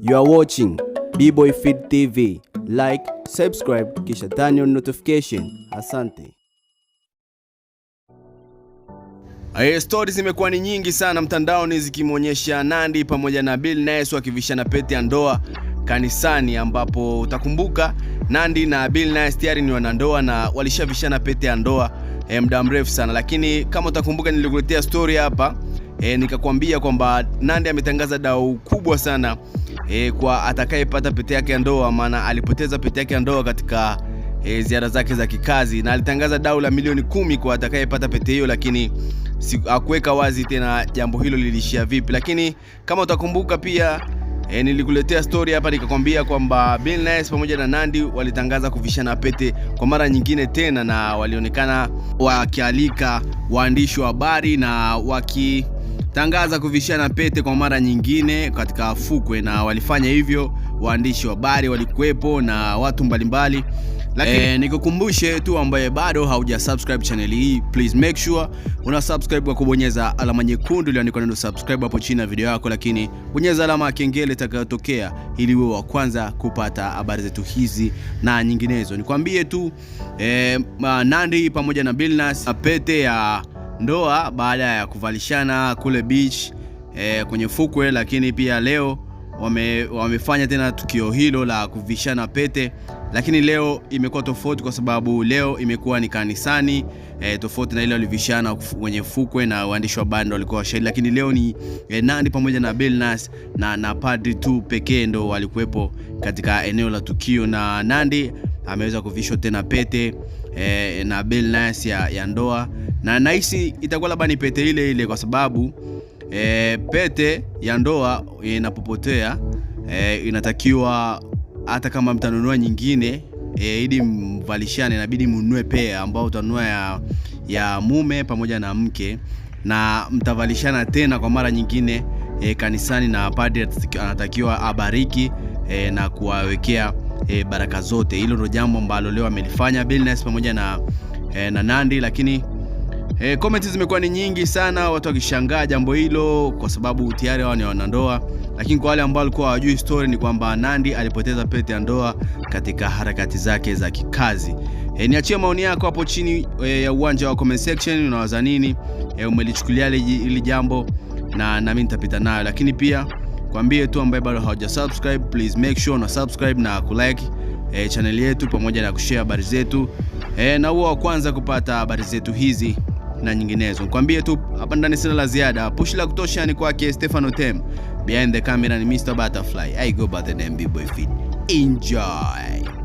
You are watching B-Boy Feed TV. Like, subscribe kisha turn on notification. Asante. Hey, stori zimekuwa ni nyingi sana mtandaoni zikimwonyesha Nandy pamoja na Bill Nass wakivishana pete ya ndoa kanisani, ambapo utakumbuka Nandy na Bill Nass tayari ni wanandoa na walishavishana pete ya ndoa eh, muda mrefu sana, lakini kama utakumbuka nilikuletea stori hapa eh, nikakwambia kwamba Nandy ametangaza dau kubwa sana e, kwa atakayepata pete yake ya ndoa, maana alipoteza pete yake ya ndoa katika e, ziara zake za kikazi, na alitangaza dau la milioni kumi kwa atakayepata pete hiyo, lakini hakuweka wazi tena jambo hilo lilishia vipi. Lakini kama utakumbuka pia E, nilikuletea story hapa nikakwambia kwamba Billnass pamoja na nandi walitangaza kuvishana pete kwa mara nyingine tena, na walionekana wakialika waandishi wa habari na waki tangaza kuvishana pete kwa mara nyingine katika fukwe, na walifanya hivyo waandishi wa habari walikuwepo na watu mbalimbali mbali. Lakini e, nikukumbushe tu ambaye bado hauja subscribe channel hii, please make sure una subscribe kwa kubonyeza alama nyekundu iliyoandikwa neno subscribe hapo chini ya video yako, lakini bonyeza alama ya kengele itakayotokea ili uwe wa kwanza kupata habari zetu hizi na nyinginezo. Nikwambie tu e, eh, Nandy pamoja na Billnass pete ya ndoa baada ya kuvalishana kule beach e, kwenye fukwe, lakini pia leo wame, wamefanya tena tukio hilo la kuvishana pete, lakini leo imekuwa tofauti kwa sababu leo imekuwa ni kanisani e, tofauti na ile walivishana kwenye fukwe na waandishi wa bando walikuwa washahidi, lakini leo ni e, nandi pamoja na Billnass na, na padri tu pekee ndo walikuwepo katika eneo la tukio, na nandi ameweza kuvishwa tena pete e, na Billnass ya, ya ndoa na nahisi itakuwa labda ni pete ile ile, kwa sababu e, pete ya ndoa inapopotea e, inatakiwa hata kama mtanunua nyingine e, ili mvalishane, inabidi mnunue pea ambao utanunua ya, ya mume pamoja na mke, na mtavalishana tena kwa mara nyingine e, kanisani, na padre anatakiwa abariki e, na kuwawekea e, baraka zote. Hilo ndo jambo ambalo leo amelifanya pamoja na, e, na nandi lakini E, eh, comments zimekuwa ni nyingi sana, watu wakishangaa jambo hilo kwa sababu tayari hao ni wanandoa, lakini kwa wale ambao walikuwa hawajui story ni kwamba Nandy alipoteza pete ya ndoa katika harakati zake za kikazi. E, niachie maoni yako hapo chini e, ya uwanja wa comment section. Unawaza nini? E, umelichukulia hili jambo na nami nitapita nayo, lakini pia kwambie tu ambaye bado hawaja subscribe, please make sure na subscribe na kulike e, channel yetu pamoja na kushare habari zetu e, na huo wa kwanza kupata habari zetu hizi na nyinginezo. Nikwambie tu hapa ndani sina la ziada. Push la kutosha ni kwake Stefano Tem. Behind the camera ni Mr Butterfly. I go by the name B-Boy Fit. Enjoy.